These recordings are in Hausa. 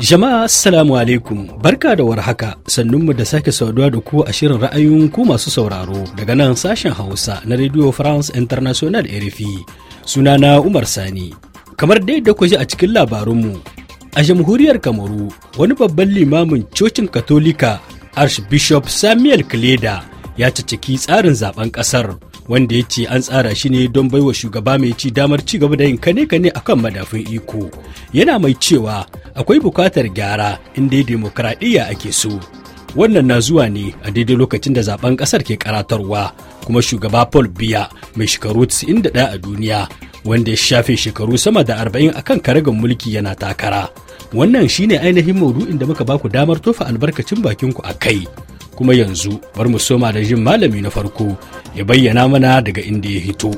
Jama'a Assalamu alaikum barka da warhaka sannunmu da sake saduwa da ku a shirin ra'ayoyin ku masu sauraro daga nan sashen Hausa na Radio France International RFI sunana Umar Sani. Kamar dai da ji a cikin labarunmu a jamhuriyar Kamaru wani babban limamin cocin Katolika Archbishop Samuel Kleda ya ciki tsarin zaben kasar wanda ya ce an tsara shi ne don baiwa shugaba mai ci damar ci gaba da yin kane-kane akan madafin iko yana mai cewa akwai bukatar gyara inda demokradiyya ake so wannan na zuwa ne a daidai lokacin da zaben kasar ke karatarwa kuma shugaba paul biya mai shekaru 91 a duniya wanda ya shafe shekaru sama da 40 akan karagan mulki yana takara wannan shine ainihin maudu'in da muka baku damar tofa albarkacin bakinku a kai kuma yanzu bar mu soma da jin malami na farko ya bayyana mana daga inda ya hito.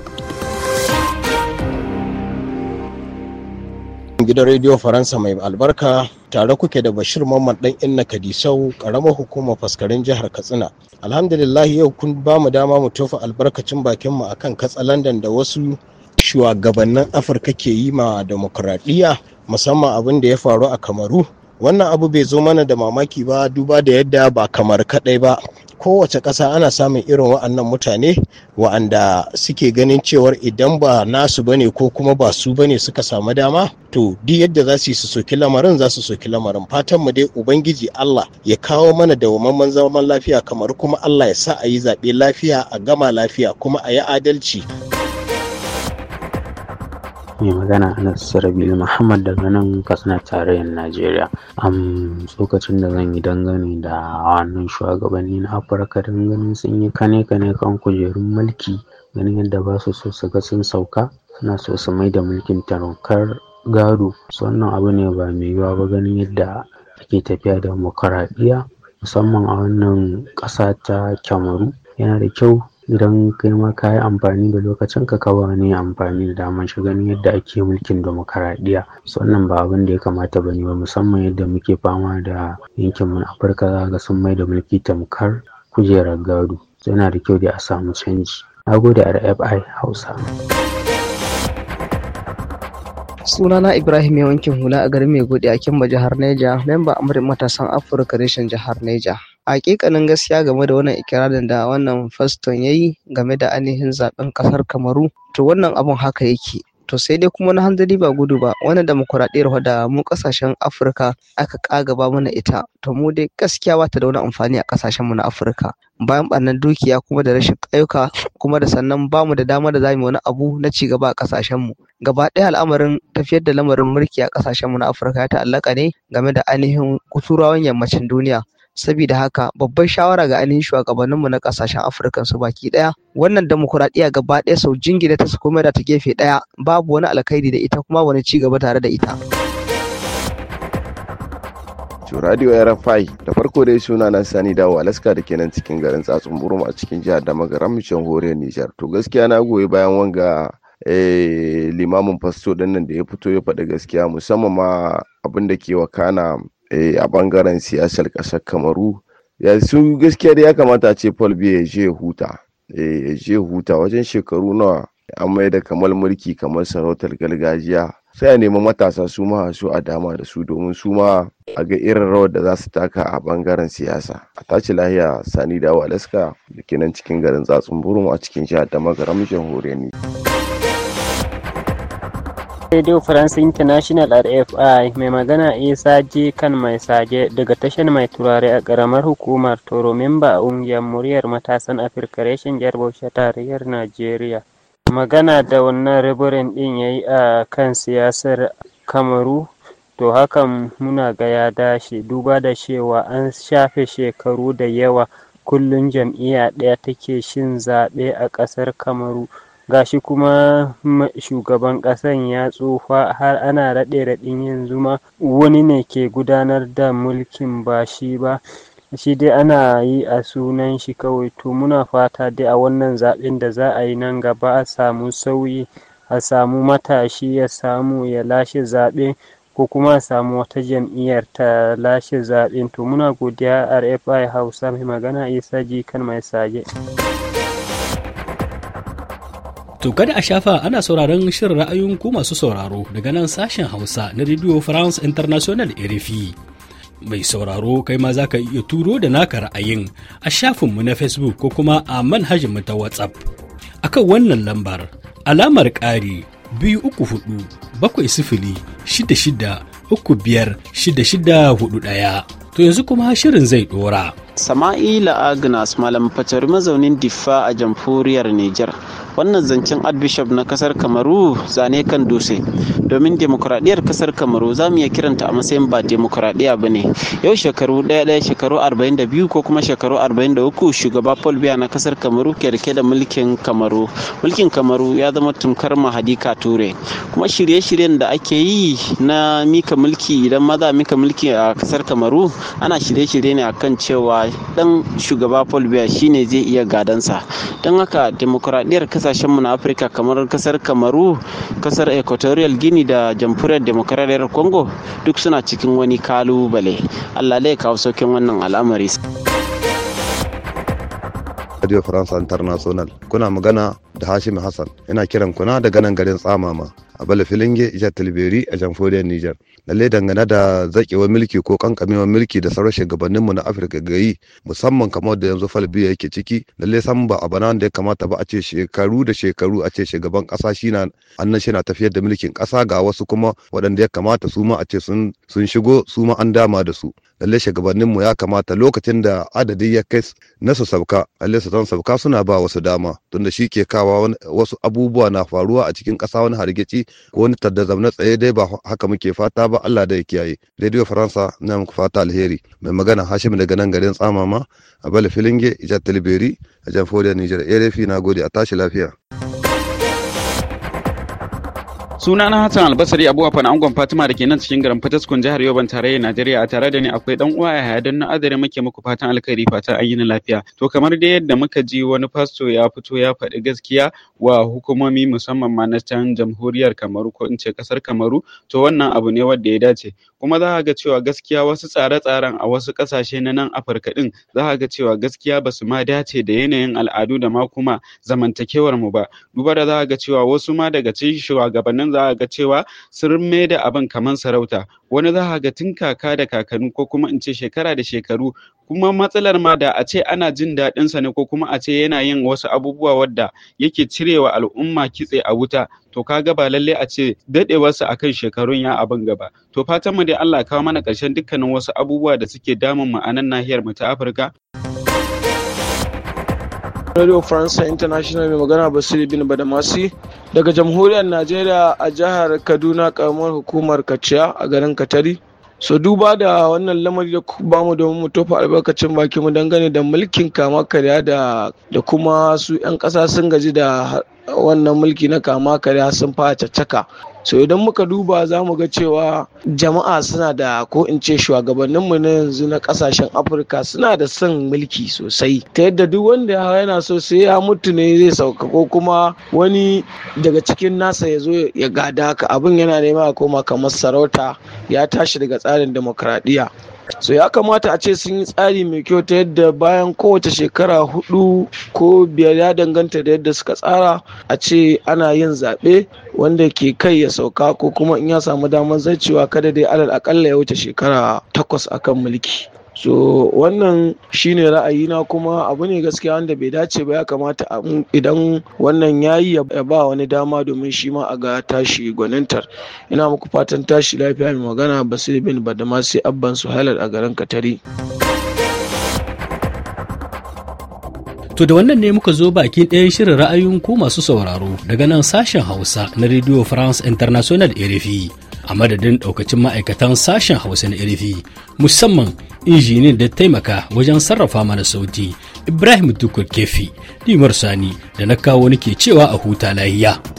gidan rediyon faransa mai albarka tare kuke da bashir mamman dan inna kadisau karamar hukumar faskarin jihar katsina alhamdulillah yau kun ba mu dama mu tofa albarkacin bakin mu akan katsalandan da wasu shugabannin afirka ke yi ma demokuraɗiyya musamman abin da ya faru a kamaru wannan abu bai zo mana da mamaki ba duba da yadda ba kamar kadai ba kowace ƙasa ana samun irin wa'annan mutane wa'anda suke ganin cewar idan ba nasu bane ko kuma ba su bane suka samu dama to duk yadda za su yi su soki lamarin za su soki lamarin fatan mu dai ubangiji Allah ya kawo mana da wamman zaman lafiya kamar kuma Allah ya sa a yi zaɓe lafiya a gama lafiya kuma a yi adalci. mai magana a anas bil muhammad daga nan katsina tarayyar najeriya am tsokacin da zan yi dangane da wannan shugabanni na afirka dangane sun yi kane kane kan kujerun mulki ganin yadda ba su so su ga sun sauka suna so su mai da mulkin taraukar gado wannan abu ne ba mai yiwa ba ganin yadda ake tafiya da musamman a wannan ƙasa ta kyamaru yana da kyau idan kai ma ka yi amfani da lokacin ka ka amfani da daman shi ganin yadda ake mulkin demokaradiyya so wannan ba abin da ya kamata ba ne ba musamman yadda muke fama da yankin mu afirka za ga sun mai da mulki tamkar kujerar gado yana da kyau da a samu canji na gode rfi hausa sunana ibrahim yawancin wankin hula a garin mai gode a kimba jihar neja memba amurin matasan afirka reshen jihar neja Hakikanin gaskiya game da wannan ikirarin da wannan faston ya yi game da ainihin zaben ƙasar Kamaru, to wannan abun haka yake. To sai dai kuma na hanzari ba gudu ba, wannan demokuraɗiyyar da mu ƙasashen Afirka aka ƙagaba mana ita, to mu dai gaskiya ba ta da wani amfani a mu na Afirka. Bayan ɓarnan dukiya kuma da rashin ayyuka kuma da sannan ba mu da damar da za mu wani abu na ci gaba a mu Gaba ɗaya al'amarin tafiyar da lamarin mulki a ƙasashenmu na Afirka ya ta'allaka ne game da ainihin turawan yammacin duniya. Sabida haka babbar shawara ga ainihin shugabanninmu na kasashen Afirka su baki daya wannan dimokuraɗiyya gaba ɗaya sau jingina ta su komai da ta gefe daya babu wani alkhairi da ita kuma wani ci gaba tare da ita. to radio rfi da farko dai suna na sani dawo laska da kenan cikin garin tsatsun burma a cikin jihar da magaram jamhuriyar nijar to gaskiya na goyi bayan wanga eh, limamin fasto dinnan da ya fito ya faɗi gaskiya musamman ma abin da ke wakana Eh, a bangaren siyasar kasar kamaru yanzu gaskiya da ya kamata ce paul biya ya je huta eh, ya je huta wajen shekaru nawa an mai da kamar mulki kamar sarautar gargajiya sai a nemi matasa su ma su a dama da su domin su ma a ga irin rawar da za su taka a bangaren siyasa a tashi lahiya sani da walaska da cikin garin tsatsun burum a cikin jihar da magaram ne Radio France International RFI mai magana Isa ji kan mai sage daga tashar mai turare a karamar hukumar Toro memba a ungiyar muryar matasan Afirka reshen Jarbaushe Bauchi tarayyar Najeriya. Magana da wannan rabarin din yayi a kan siyasar Kamaru to hakan muna ga ya dashi duba da cewa an shafe shekaru da yawa kullum jam'iyya ɗaya take shin zaɓe a ƙasar Kamaru. gashi kuma shugaban ƙasan ya tsufa har ana raɗe-raɗin yanzu ma wani ne ke gudanar da mulkin ba shi ba shi dai ana yi a sunan shi kawai to muna fata dai a wannan zaɓen da za a yi nan gaba a samu sauyi a samu matashi ya samu ya lashe zaɓe ko kuma a samu wata jam'iyyar ta lashe zaɓe to muna godiya rfi hausa mai magana isa jikan mai sage. To kada a shafa ana sauraron shirin ra'ayin ku masu sauraro daga nan sashen Hausa na Radio France International RFI. Mai sauraro kai ma za ka iya turo da naka ra'ayin a shafinmu na Facebook ko kuma a manhajin mu ta WhatsApp. Akan wannan lambar alamar ƙari biyu uku hudu bakwai sifili shida shida uku biyar shida shida hudu ɗaya. To yanzu kuma shirin zai ɗora. Sama'ila Agnes Malam fatari mazaunin Diffa a jamhuriyar Niger. Wannan zancen Archbishop na kasar Kamaru zane kan dutse. Domin demokuraɗiyar kasar Kamaru za mu iya kiranta a matsayin ba demokuraɗiya ba ne. Yau shekaru ɗaya ɗaya shekaru 42 ko kuma shekaru 43 shugaba Paul Biya na kasar Kamaru ke rike da mulkin Kamaru. Mulkin Kamaru ya zama tumkar mahadika ture. Kuma shirye-shiryen da ake yi na mika mulki idan maza mika mulki a kasar Kamaru ana shirye-shirye ne akan cewa dan shugaba Paul Biya shine zai iya gadansa don haka demokuraɗiyar kasashen mu na Afirka kamar kasar Kamaru kasar Equatorial Guinea da jamhuriyar demokuraɗiyar Congo duk suna cikin wani kalubale Allah ya kawo saukin wannan al'amari Radio France International kuna magana da Hashim Hassan ina kiran kuna daga nan garin Tsamama a bala filinge jihar talibiri a jamhuriyar nijar lalle dangane da zakewar mulki ko kankamewar mulki da sauran shugabanninmu na afirka ga yi, musamman kamar da yanzu ya yake ciki lalle san ba a bana da ya kamata ba a ce shekaru da shekaru a ce shugaban kasa shi na annan shi na tafiyar da mulkin kasa ga wasu kuma waɗanda ya kamata su ma a ce sun sun shigo su ma an dama da su lalle shugabannin mu ya kamata lokacin da adadi ya kai na su sabka, lalle su sabka suna ba wasu dama tunda shi ke kawa wasu abubuwa na faruwa a cikin ƙasa wani hargitsi ko wani tadda na tsaye dai ba haka muke fata ba Allah da ya kiyaye radio faransa na muku fata alheri mai magana hashim daga nan garin tsamama a bala filinge ijar talibiri a jamfodiyar nijar erefi na gode a tashi lafiya Suna na Hassan Albasari Abu fana Angon Fatima da ke nan cikin garin Fataskun jihar Yoban tarayyar Najeriya a tare da ni akwai dan uwa ya haya don na adari muke muku fatan alkhairi fatan an yi lafiya. To kamar dai yadda muka ji wani fasto ya fito ya faɗi gaskiya wa hukumomi musamman ma na can jamhuriyar Kamaru ko in ce kasar Kamaru to wannan abu ne wanda ya dace. Kuma za ga cewa gaskiya wasu tsare-tsaren a wasu kasashe na nan Afirka din za ga cewa gaskiya ba su ma dace da yanayin al'adu da ma kuma zamantakewar mu ba. Duba da za ga cewa wasu ma daga cikin shugabannin za ga cewa sun mai da abin kamar sarauta wani za ga tun kaka da kakanni ko kuma in ce shekara da shekaru kuma matsalar ma da a ce ana jin daɗin sa ne ko kuma a ce yana yin wasu abubuwa wadda yake cirewa al'umma kitse a wuta to kaga ba lalle a ce daɗewarsa akan shekarun ya abin gaba to fatan mu dai Allah kawo mana ƙarshen dukkanin wasu abubuwa da suke damun mu a nan nahiyar mu ta Afirka Radio France International mai magana Basiru bin Badamasi daga Jamhuriyar Najeriya a jihar Kaduna karamar hukumar Kaciya a garin Katari. So duba da wannan lamari da ba mu domin mu tofa albarkacin baki mu dangane da mulkin kama karya da kuma su 'yan ƙasa sun gaji da wannan mulki na kama karya sun fara caccaka. so idan muka duba za mu ga cewa jama'a suna da ko in ce shugabanninmu na yanzu na kasashen afirka suna da son mulki sosai ta yadda duk wanda yana so sai ya mutu ne zai sauka ko kuma wani daga cikin nasa ya zo ya gada ka abin yana nema ya koma kamar sarauta ya tashi daga tsarin demokradiyya so ya kamata a ce sun yi tsari mai kyau ta yadda bayan kowace shekara hudu ko biyar ya danganta da yadda suka tsara a ce ana yin zaɓe wanda ke kai ya sauka ko kuma in ya samu damar zarcewa kada dai alal akalla ya wuce shekara takwas akan mulki so wannan shine na kuma abu ne gaskiya wanda bai dace ba ya kamata idan wannan yayi ya ba wani dama domin shi ma a ga tashi gwanintar ina muku fatan tashi lafiya mai magana basir bin badama sai abban su halar a garin katari To da wannan ne muka zo bakin ɗayan shirin ra'ayin ku masu sauraro daga nan sashen Hausa na Radio France International RFI. a madadin daukacin ma'aikatan sashen hausa na irifi musamman injinin da taimaka wajen sarrafa mana sauti ibrahim dukkan kefi limar sani da na kawo nake cewa a huta lahiya.